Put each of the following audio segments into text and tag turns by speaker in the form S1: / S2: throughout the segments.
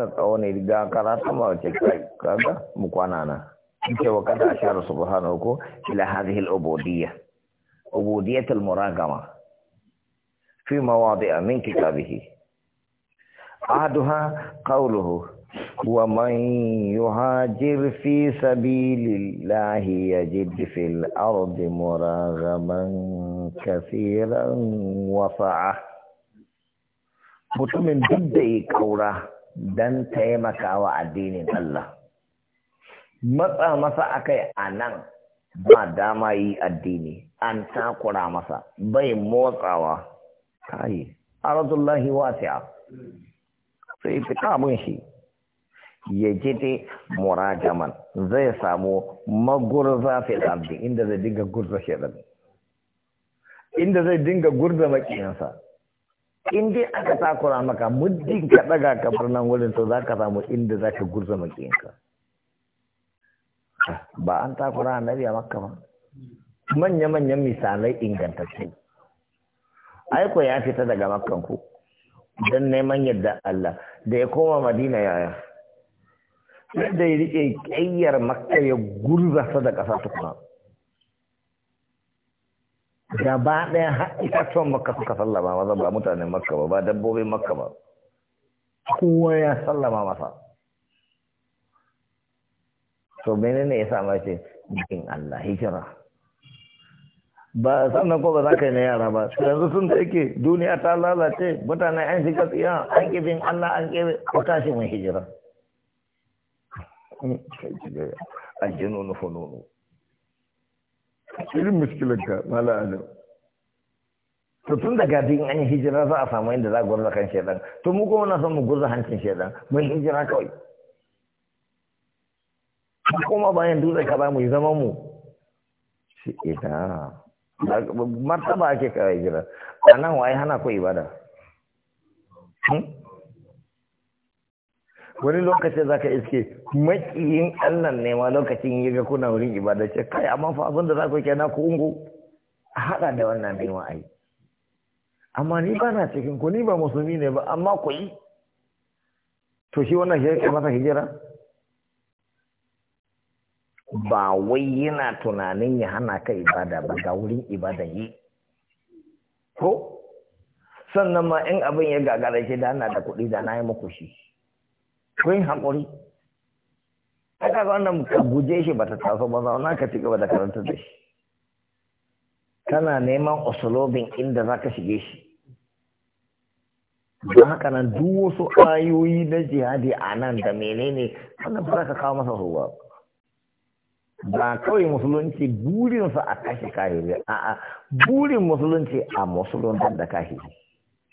S1: na tsawon riga karata ma wace kaga mu kwana na ce wa kada ashara subhanahu ko ila hadhihi al-ubudiyya ubudiyyat al-muragama fi mawadi'a min kitabihi ahaduha qawluhu wa man yuhajir fi sabilillahi yajid fil ardi muragaman kaseeran wa fa'a mutumin duk da ya kaura don taimakawa addinin Allah. Matsa masa akai a nan ba dama yi addini, an takura masa, bai motsawa. Kai, arzullahi wasi'a. Sai fita mun shi, ya jide murajaman zai samu magurza fi inda zai dinga gurza shi inda zai dinga gurza makiyansa. in dai aka takura maka muddin ka daga kamar nan wurin to zaka samu inda zaka gurza maƙiyinka ah, ba an takura annabi a makka ba manya-manyan misalai ingantattu aiko ya fita daga makkan ku don neman yadda Allah da ya koma madina yaya sai da ya riƙe ƙayyar makka ya gurza ta da ƙasa tukuna gaba ɗaya har itatuwan makka suka sallama maza ba mutanen makka ba ba dabbobin makka ba kowa ya sallama masa to menene ya sa mace jikin Allah hijira ba sannan ko ba za ka yi na yara ba yanzu sun da yake duniya ta lalace mutane an shiga tsiya an kifin Allah an kebe ko tashi mun hijira aljinu na fununu irin muskilinka mala adam to tun daga din an hijira za a samu inda za a gurza kan shedan to mu kuma na son mu gurza hancin shedan mun hijira kawai kuma bayan dutse ka ba mu zama mu shi ita martaba ake kawai hijira a nan wai hana ku ibada hmm? wani lokacin zaka iske makiyin Allah ne ma lokacin yi ga kuna wurin ibada ce kai amma fa abin da ku kenan ku ungu a hada da wannan bin wa'ayi amma ni ba na cikin ku ni ba musulmi ne ba amma ku yi to shi wannan shi masa hijira ba wai yana tunanin ya hana ka ibada ba ga wurin ibada yi ko sannan ma in abin ya gagara shi da ana da kuɗi da na yi muku shi kun haƙuri ai kaga wannan ka guje shi ta taso ba zauna ka ci gaba da karanta da shi kana neman usulobin inda za ka shige shi don haka nan duk wasu ayoyi na jihadi a nan da menene wannan ba za ka kawo masa ruwa ba kawai musulunci burinsa a kashe kahiri a'a burin musulunci a musulun da shi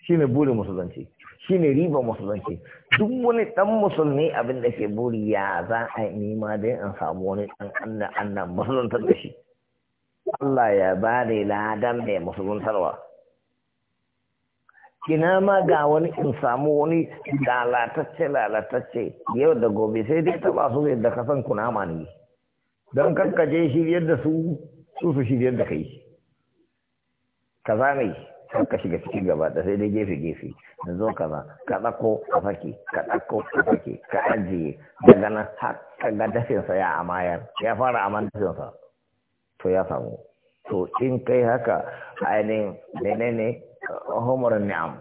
S1: shine burin musulunci ne riba musulunci duk wani dan musulmi abin da ke buri ya za a yi dai an samu wani dan annan annan musuluntar da shi Allah ya ba da ladan mai musuluntarwa kina ma ga wani in samu wani lalatacce lalatacce yau da gobe sai dai taba su da ka san kunama ne don kankaje shiryar da su su su shiryar da kai ka zame ka shiga cikin gaba da sai dai gefe gefe da zo kaza ka ɗako ka fake ka ɗako ka fake ka ajiye daga nan har ka ga dafinsa ya amayar ya fara aman dafinsa to ya samu to in kai haka ainihin menene homarin ni'am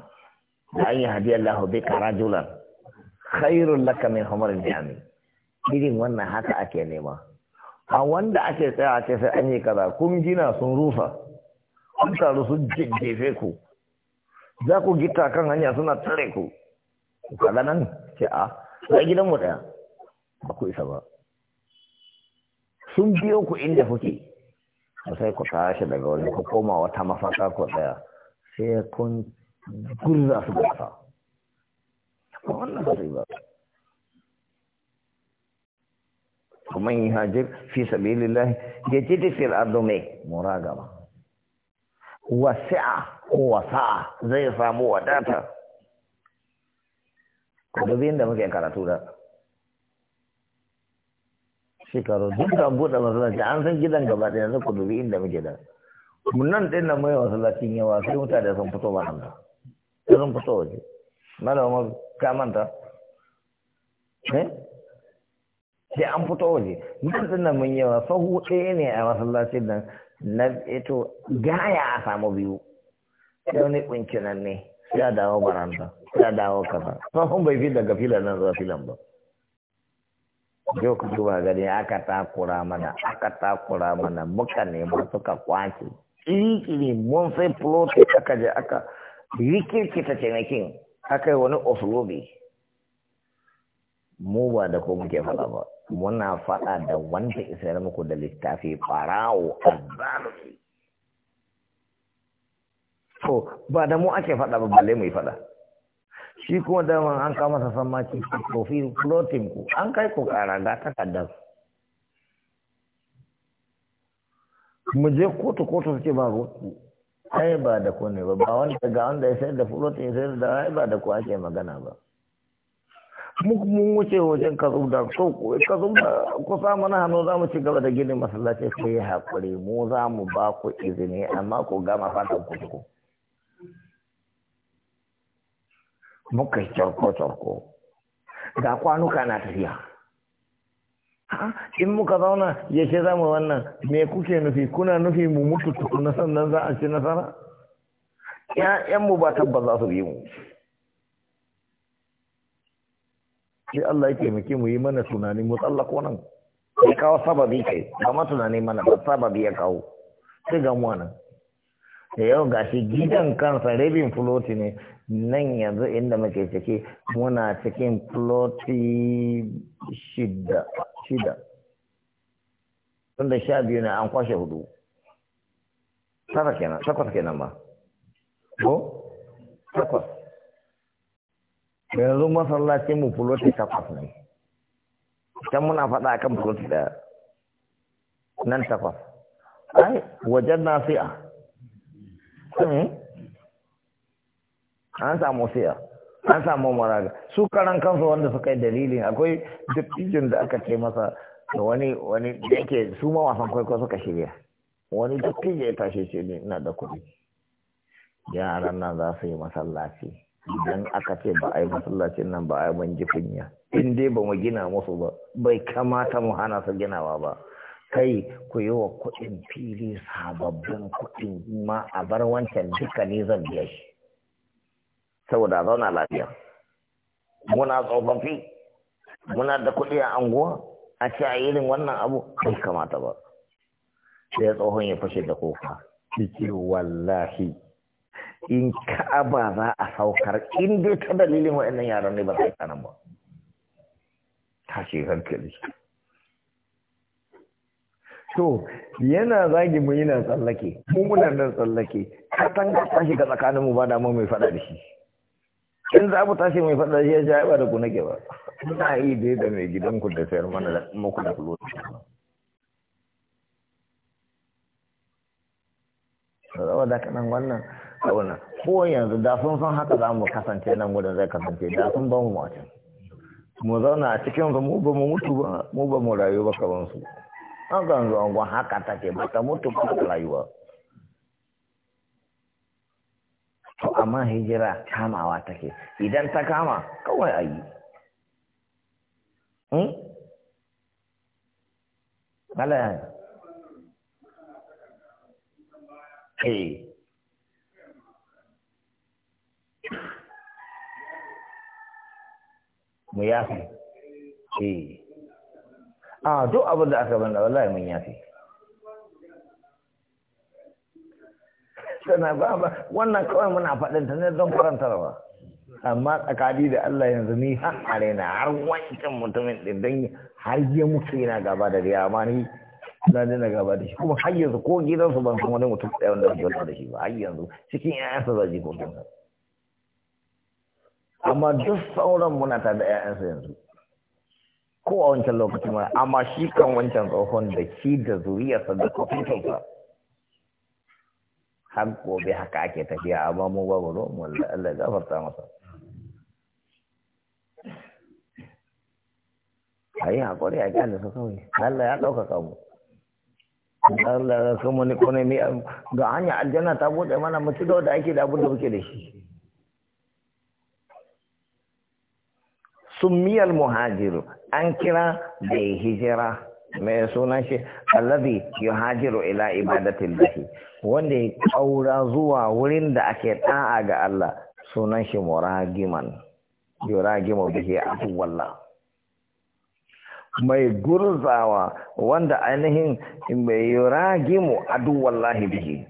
S1: da an yi hadiyar lahu bai kara julan khairun laka min homer irin wannan haka ake nema a wanda ake tsaya ce sai an yi kaza kun gina sun rufa an taru sun jejjefe ku za ku gita kan hanya suna tare ku kaga nan ce a za gidan mu daya ba ku isa ba sun biyo ku inda kuke sai ku tashi daga wani ku koma wata mafaka ku daya sai kun gurza su gasa wannan ba sai ba ومن يهاجر في سبيل الله يجد mai mura gaba wasi'a ko wasa'a zai samu wadata dubi inda muke karatu da shekaru duk da buɗe masallaci an san gidan gaba ɗaya yanzu ku inda muke da nan ɗin nan mai masallacin yawa sai mutane sun fito ba nan da sun fito waje malama ka manta eh? sai an fito waje nan ɗin nan mun yawa sahu ɗaya ne a masallacin nan na eto eh, gaya a samu biyu sai wani kunkinan ne sai a dawo baranda sai a dawo kasa. tsohon bai fi daga filan nan zuwa filan ba yau ku duba gani aka takura mana aka takura mana muka nema suka kwace kirikiri mun sai floti aka je aka rikirkita cinikin aka yi wani oslobi mu ba da ko muke ba muna faɗa da wanda ya muku da littafi ɓarawo azzalufi to ba da mu ake faɗa ba balle mu yi faɗa shi kuma daman an kama sa san maki to fi ku an kai ku ƙara ga takardar mu je kotu kotu suke ba ruwanku ai ba da ku ne ba ba wanda ga wanda ya sayar da flotin ya sayar da ai ba da ku ake magana ba mun wuce wajen ka so ka kusa mana hannu za mu ci gaba da ginin masallaci sai ya haƙuri mu za mu ba ku izini amma ku gama fatan ku muka yi carko-carko ga kwanuka na tafiya in muka zauna ya ce za mu wannan me kuke nufi kuna nufi mu mutu tukuna sannan za a ci nasara 'ya'yanmu ba tabbas za su bi mu sai Allah ya taimake mu yi mana tunani mu tsallako nan ya kawo sababi kai amma tunani mana ba sababi ya kawo sai ga mu nan da yau shi gidan kansa rabin floti ne nan yanzu inda muke ciki muna cikin floti shida shida tunda sha biyu ne an kwashe hudu Takwas kenan takwas kenan ba ko takwas yanzu masallacin mu fuloti takwas ne can muna faɗa akan fuloti da nan takwas ai wajen nasi'a hmm? an samu siya an samu maraga su karan kansu wanda suka yi dalilin akwai dattijin da aka ce masa da wani wani da yake su ma wasan kwaikwayo suka shirya wani dattijo ya tashi ce ina da kuɗi yaran nan za su yi masallaci idan aka ce ba a yi masallacin nan ba a yi mun kunya in dai ba mu gina musu ba bai kamata mu hana su ginawa ba kai ku yi wa kuɗin fili sababbin kuɗin ma a bar wancan duka ne zan biya shi saboda zauna lafiya muna tsofaffi muna da kuɗi a anguwa a ce a irin wannan abu bai kamata ba sai tsohon ya fashe da kofa cikin wallahi in ka'aba za a saukar in dai ta dalilin wa'annan yaran ne ba za a nan ba tashi hankali to yana zagi mu yana tsallake mu muna nan tsallake ka san ka tashi ka tsakanin mu ba da mu mai fada da shi in za mu tashi mai fada shi ya ja ba da ku nake ba ina yi dai da mai gidan ku da sayar mana da kuma da kulo da kanan wannan auna ko yanzu da sun san haka za mu kasance nan gudun zai kasance da sun ba mu mace mu zauna a cikin mu ba mu mutu ba mu ba mu rayu ba kaman su an ga yanzu an haka take ba ta mutu ba ta rayuwa to amma hijira kamawa take idan ta kama kawai ayi yi hmm? Allah ya eh. mu yafi? eh a duk abin da aka banda wallahi mun yafi sana ba ba wannan kawai muna faɗin ta ne don karantarwa amma tsakani da Allah yanzu ni har arena har wancan mutumin din dan har ya mutu yana gaba da riya amma ni na dina gaba da shi kuma har yanzu ko gidansu ban san wani mutum ɗaya wanda bai da shi ba har yanzu cikin ƴaƴansa za ji ko gidansa amma duk sauran muna tare da 'ya'yansa yanzu ko a wancan lokacin ma amma shi kan wancan tsohon da shi da zuriyarsa da kwafinsa har gobe haka ake tafiya amma mu ba mu wallah Allah ya gafarta masa a yi haƙuri a kyale su kawai Allah ya ɗaukaka mu Allah ya kuma ni kone mi ga hanya aljanna ta bude mana mu ci gaba da ake da abin da muke da shi summiyal muhajiru an kira da hijira mai sunan shi allazi yuhajiru ila ibadatin lahi wanda ya kaura zuwa wurin da ake da'a ga Allah sunan shi muragiman yuragimu bihi abuwallah mai gurzawa wanda ainihin mai yuragimu aduwallahi bihi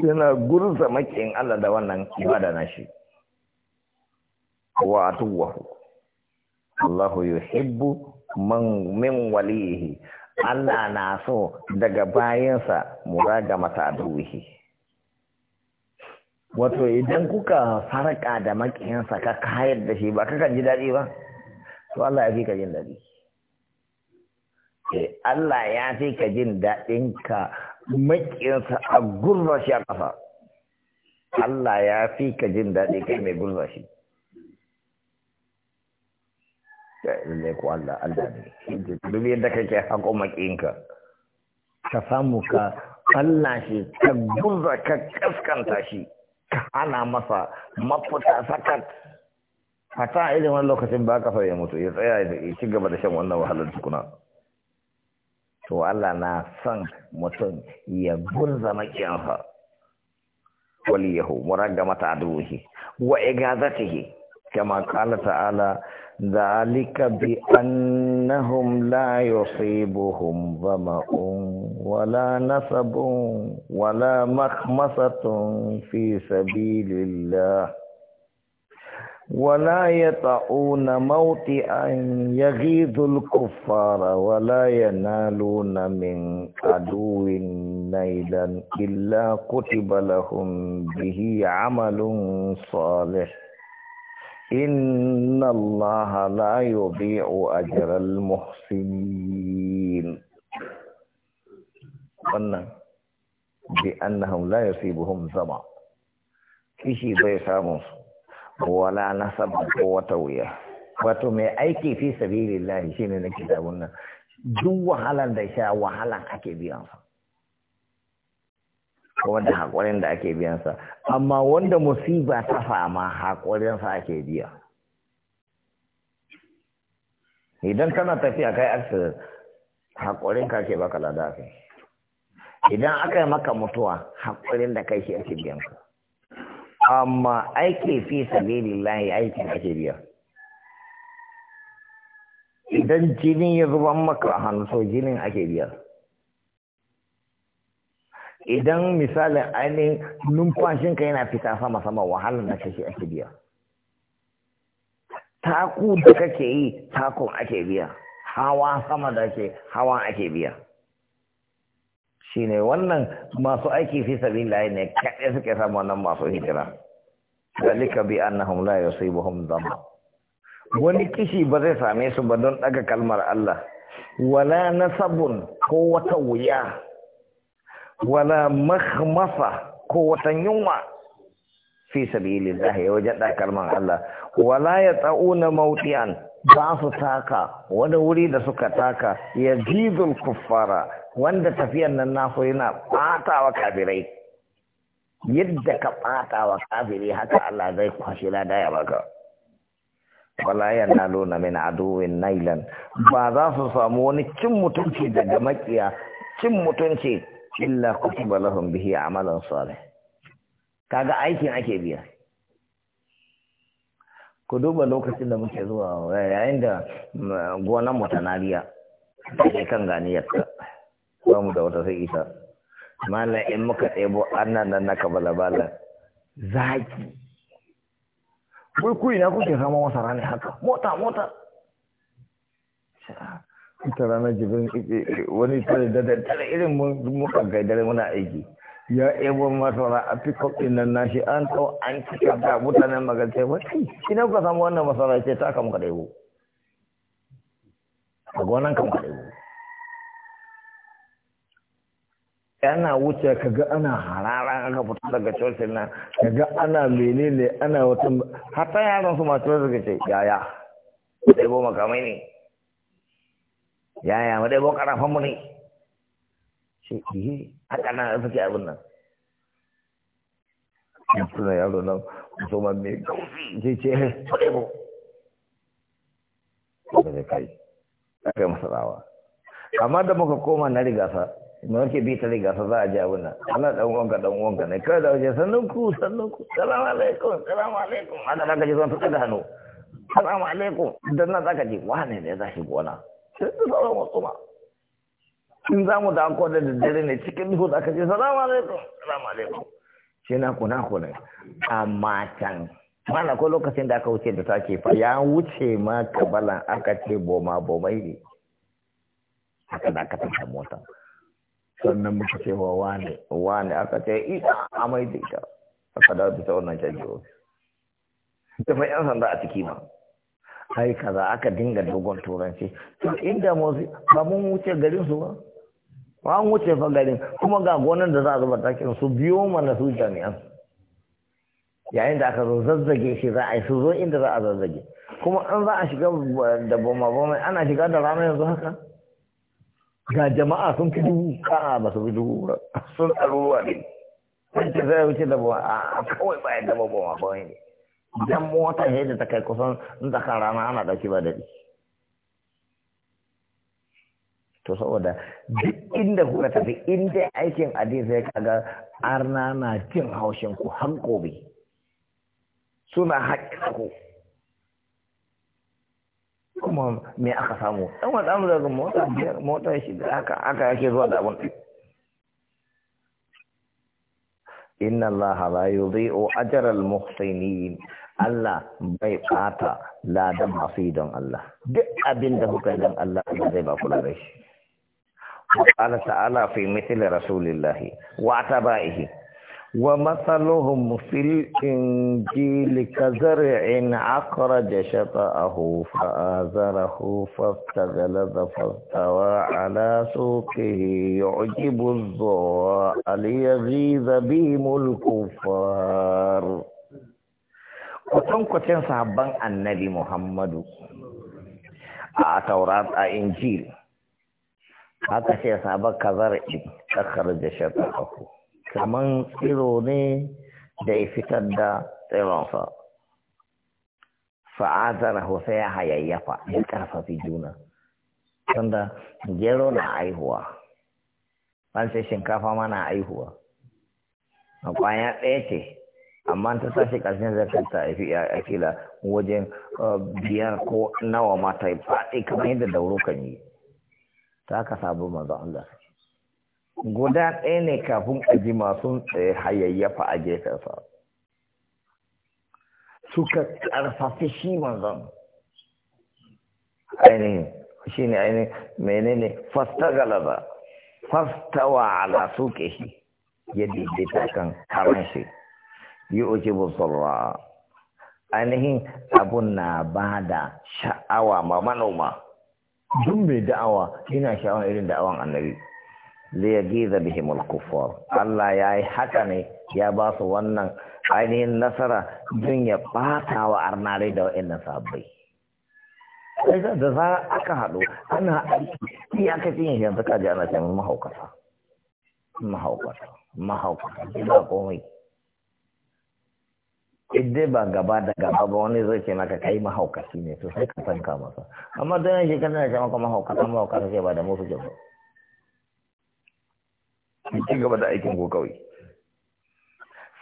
S1: yana gurza makin Allah da wannan ibada na shi wa atuwahu Allahu yuhibbu man min walihi Allah na so daga bayansa muraga mata aduhi wato idan kuka faraka da makiyansa ka kayar da shi ba ka kan ji daɗi ba to Allah ya fi ka jin daɗi eh Allah ya fi ka jin daɗin ka makiyansa a gurbashi a ƙasa Allah ya fi ka jin daɗi kai mai gurbashi shi da lallai ko Allah Allah ne duk yadda kake hako makinka ka samu ka Allah shi ka gurza ka kaskanta shi ka hana masa mafuta sakat fata irin wani lokacin ba ka ya mutu ya tsaya ya ci gaba da shan wannan wahalar tukuna to Allah na san mutum ya gurza makiyansa waliyahu muragga mata aduhi wa igazatihi كما قال تعالى ذلك بأنهم لا يصيبهم ظمأ ولا نصب ولا مخمصة في سبيل الله ولا يطعون موطئا يغيظ الكفار ولا ينالون من عدو نيلا إلا كتب لهم به عمل صالح إن الله لا يضيع أجر المحسنين wannan بأنهم la yusibuhum zama kishi bai samu wala nasab ko wata wuya wato mai aiki fi sabilillah shine nake da wannan duk wahalan da sha wahalan ake biyan sa ko da da ake biyansa amma wanda musiba ta fama haƙorinsa ake biya idan kana tafiya kai accident haƙorinka ka ke baka lada kai idan aka yi maka mutuwa haƙurin da kai shi ake biyan amma aiki fi layi aikin ake biya idan jini ya zuba maka a hannu so jinin ake biya idan misalin ainihin numfashinka yana fita sama sama wahalar na kashe ake biya taku da kake yi takun ake biya hawa sama da ke hawa ake biya shi ne wannan masu aiki fi layi ne kaɗe suke samu wannan masu hijira zalika bi annahum la yusibuhum dhamma wani kishi ba zai same su ba don ɗaga kalmar Allah wala nasabun ko wata wuya wala makhmasa ko wata yunwa fi sabilillah ya wajen kalman Allah wala ya ta'una mawti'an ba su taka wani wuri da suka taka ya jizul kuffara wanda tafiyan nan nasu yana bata wa kafirai yadda ka bata wa kafiri haka Allah zai kwashe lada ya baka wala na min aduwin nailan ba za su samu wani cin mutunci daga makiya cin mutunci illa kutiba lahum bihi amalan salih kaga aikin ake biya ku duba lokacin da muke zuwa eh, yayin da mm, gonan mu ta nariya take kan ganiyar ta ba mu da wata sai isa. mallan in muka tsebo annan nan na kabala bala zaki wai ku ina kuke zama masara ne haka mota mota ta ranar jibin eh, eh, eh, wani tare da daddare irin muka kai dare muna aiki ya ebo masara a pickup din nan nashi an kawo an cika da mutanen magance wani ina kuka samu wannan masara ce ta kama kada ebo a gonan kama kada ebo yana wuce kaga ana harara aka fito daga cocin nan kaga ana menene ana wata hata yaron su masu daga ce yaya ebo makamai ne yaya wadai bo karafan mu ne shi eh haka na suke abin ya suna na nan ma me gauzi zai ce wadai bo da zai kai aka yi amma da muka koma na sa mun ke bi ta rigasa za a ji abin nan ana dan uwanka dan uwanka ne kai da waje sannan ku sannan ku salamu alaikum salamu alaikum da ka ji zan ta daga hannu salamu alaikum dan na zaka ka ji wane ne za shi gona sai da sauran wasu ba in za mu da an da dare ne cikin duhu za ka ce salama alaikun salama alaikun shi na kuna kuna A matan mana ko lokacin da aka wuce da ke fa ya wuce ma kabalan aka ce boma bomai ne aka da aka tafi mota sannan muka ce wa wane wane aka ce ita amai da ita aka dawo da ta wannan canji ta da fa yan sanda a ciki ma hai kaza aka dinga dogon turanci to inda motsi ba mun wuce garin su ba ba mun wuce fa garin kuma ga gonan da za a zuba takin su biyo mana su jami'an yayin da aka zo zazzage shi za a yi su zo inda za a zazzage kuma an za a shiga da boma boma ana shiga da rana yanzu haka ga jama'a sun fi dubu ka'a ba su fi dubu ba sun ɗaruruwa ne wacce zai wuce da boma a kawai bayan da boma boma ne idan mota ne da ta kai kusan in tsakar rana ana ɗauki ba daɗi to saboda duk inda kuka tafi inda aikin adin sai kaga arna na jin haushin ku har gobe suna haƙƙin ku kuma me aka samu dan wata mu daga mota biyar mota shi da aka aka yake zuwa da abun inna allaha la yudhi'u ajra al-muhsinin Allah bai ɓata ladan masu yi don Allah. Duk abin da kuka don Allah zai ba kula da shi. Ala ta'ala fi mithli rasulillahi wa taba'ihi wa masaluhum fil injili ka zar'in akhraja shata'ahu fa azarahu fastaghalaba fastawa ala suqihi yu'jibu adh-dha'a liyaghiza bihim al-kuffar kwatankwacin sahabban annabi Muhammadu a taurat a injil haka ce sabon kazar kakar da shakakaku kaman tsiro ne da ya fitar da tsironsa fa'azar hosai ya hayayyafa ya karfafi juna tunda gero na aihuwa ban sai shinkafa mana aihuwa a kwaya ɗaya ce amma ta sashi ƙarshen zakar ta haifi a akila wajen uh, biyar ko nawa ma ta yi faɗi kamar yadda dauro kan yi ta ka sabu manzo Allah guda ɗaya ne kafin aji masu hayayyafa a gefensa suka ƙarfafi shi manzon ainihin shi ne ainihin menene fasta galaba fasta wa ala suke shi yadda ya kan karan shi Yi yu'jibu sarra ainihin abun na ba da sha'awa ma manoma duk mai da'awa yana sha'awan irin da'awan annabi zai giza bihim al Allah ya yi haka ne ya ba su wannan ainihin nasara dun ya bata wa arnare da wa'annan sabbai da zarar aka haɗu ana aiki iyakacin yanzu kaji ana cewa mahaukata mahaukata mahaukata gida komai idai ba gaba da gaba ba wani zai ce maka kai mahaukaci ne to sai ka fanka masa amma don yanzu kana da maka mahaukata mahaukata sai ba da musu ke ba ci gaba da aikin ko kawai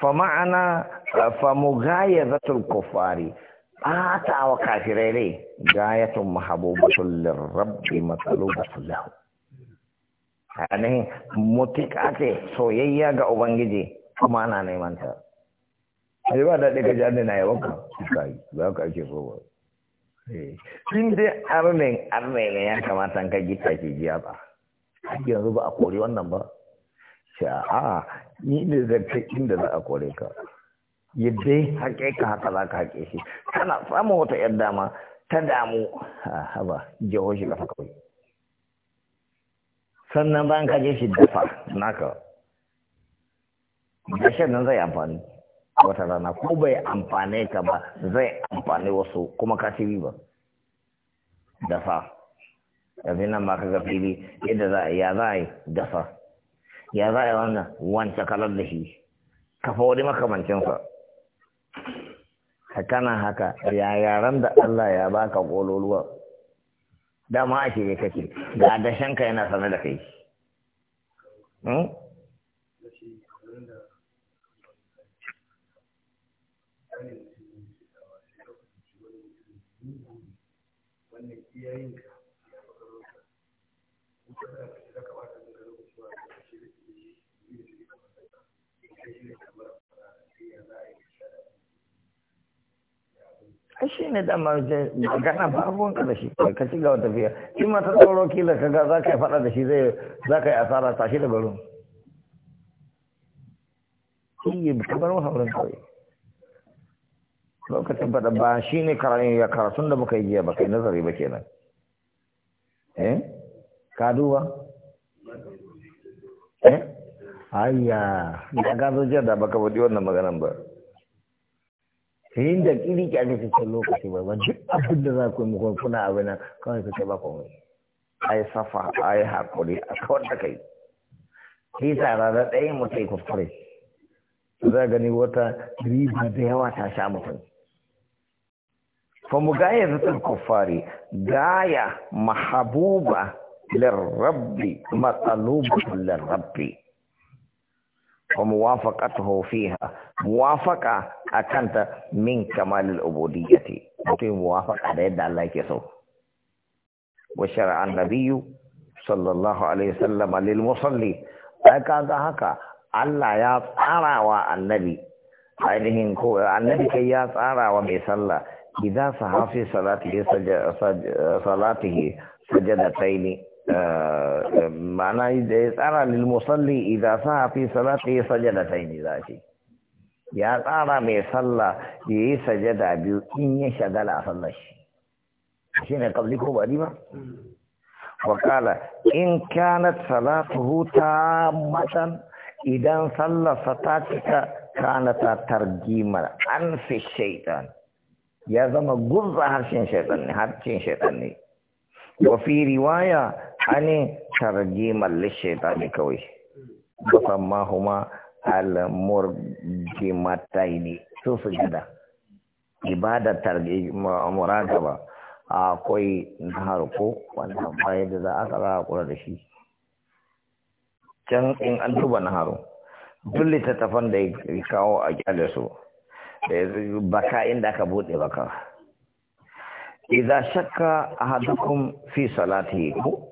S1: fa ma'ana fa mughayazatul kufari ata wa kafirai ne gayatun mahabubatul lirabbi masalubatul lahu ainihin mutika ce soyayya ga ubangiji kuma ana neman ta sai ba daɗi ka ji an na yawan ka suka yi ba ka ake so ba sun eh, dai arnin arnin ya kamata ka gita ke jiya ba yanzu ba a kori wannan ba sha'a ni ne zai kai inda za a kore ka yadda haƙe ka haka za ka haƙe shi kana samun wata yar dama ta damu a haba jiho shi kafa kawai sannan bayan ka je shi dafa naka da nan zai amfani wata rana ko bai amfane ka ba zai amfani wasu kuma ka ci ba? dafa yanzu nan ma ga fili yadda za a ya za a yi dafa ya za a yi wannan wancan kalar da shi kafa wani makamancinsa kana haka ya yaran da Allah ya baka kololuwa dama a shirye kake ga dashenka yana sane da kai hmm? iyayen ka ya fi da ka shiga a yi magana ba abubuwan ka da shi ka ci gaba tafiya shi ma ta tsoro kila ka ga za yi fada da shi zai za yi asara shi da Shi haurin kawai. lokacin faɗa ba shi ne karatun da muka yi jiya ba kai nazari ba kenan eh ka duba eh ayya da gano jiya da baka bude wannan maganan ba yin da kiri ki ake cikin lokaci ba wajen abin da za ku yi muku kuna abin nan kawai su ce ba ku ai safa ai haƙuri a kawar da kai ki tsara da ɗayan mutai kuskure za gani wata riba da yawa ta sha mutum فمجاهدة الكفار غاية محبوبة للرب مطلوبة للرب وموافقته فيها موافقة أكنت من كمال العبودية وفي موافقة لدى الله يسوع وشرع النبي صلى الله عليه وسلم للمصلي أكاد هكا الله يطعر ترى النبي ainihin ko annabi kai ya tsara wa إذا صح في صلاته صلاته سجدتين آه، معنى أرى للمصلي إذا صح في صلاته سجدتين ذاتي يا ترى من صلى في سجدة بيو إن يشد لا صلى شيء شنو قبلكم أديما وقال إن كانت صلاته تامة إذا صلى صلاتك كانت ترجيما عن في الشيطان ya zama gurza harshen shaitan ne harshen shaitan ne wa fi riwaya ani tarjimal ne kawai amma huma al ne. su sujada ibada tarjima ba akwai na ko wannan bayan da za a kara kula da shi can in an duba naharu duk littattafan da ya kawo a kyale baka inda aka bude baka idza shakka ahadukum fi salati ko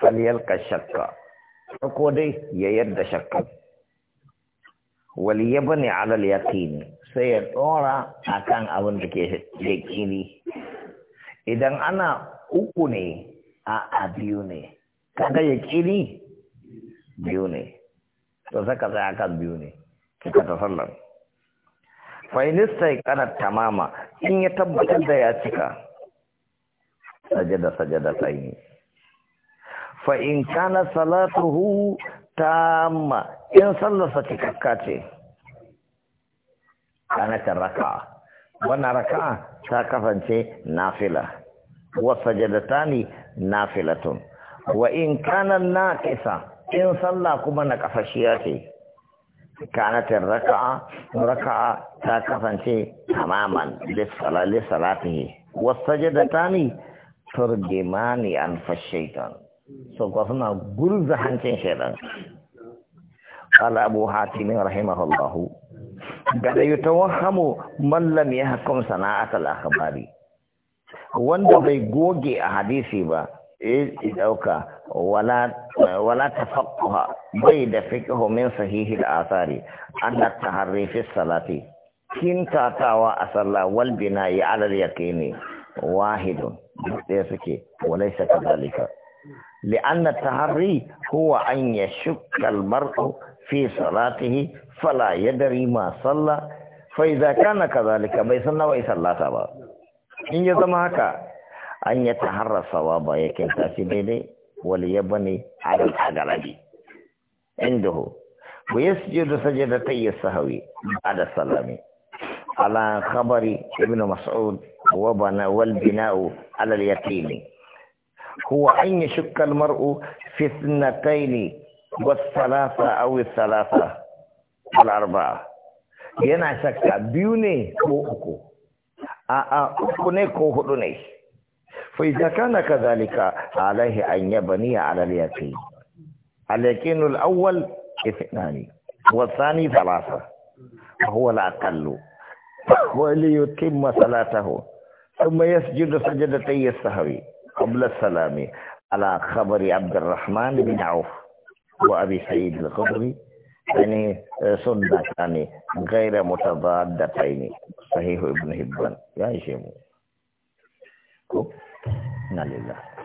S1: falyalqa shakka ko dai ya yadda shakka waliyabni ala al yaqin sai ya dora akan abin da ke yaqini idan ana uku ne a biyu ne kaga yaqini biyu ne to saka zai kan biyu ne kika tasallar fainista ya kanar tamama in ya tabbatar da ya cika sajada sajada saini fa in kana salatuhu tamma in sallarsa cikakka ce ta raka. wannan raka ta kasance nafila wa sajadatani nafilatun wa in kana naqisa in sallah kuma na kafashiya ce كانت الركعة ركعة تاكفا شيء تماما للصلاة لصلاته تاني ترجماني أنف الشيطان سوقفنا قرز حنشين شيطان قال أبو حاتم رحمه الله قد يتوهم من لم يحكم صناعة الأخبار wanda bai goge a hadisi wala ta faƙuwa bai da fiƙi homin sahihi da asari an da ta harrefi salati kintatawa a tsalla walbina ya alar yake ne wahidun duk ɗaya suke wale shaka zalika li'an na ta harri kowa an ya shukkal marko fi salatihi fala ya dari ma tsalla fai zaka na ka bai sun nawa isa lata ba in ya zama haka an ya taharra sawaba ya kai tafi daidai wani ya bane harin agarabi inda ho ku yi suje da saje da ta yi sahawi a da salami ala ibn mas'ud wa bana wal bina'u ala yaqini huwa an yashukka al mar'u fi thnatayn wa thalatha aw thalatha arba'a yana shakka biyu ne ko uku A'a a uku ne ko hudu ne فإذا كان كذلك عليه أن يبني على اليقين اليقين الأول اثنان والثاني ثلاثة وهو الأقل وليتم صلاته ثم يسجد سجدتي السهوي قبل السلام على خبر عبد الرحمن بن عوف وأبي سعيد الخضري يعني سنة يعني غير متضادتين صحيح ابن هبان يا شيخ نعم، إنا لله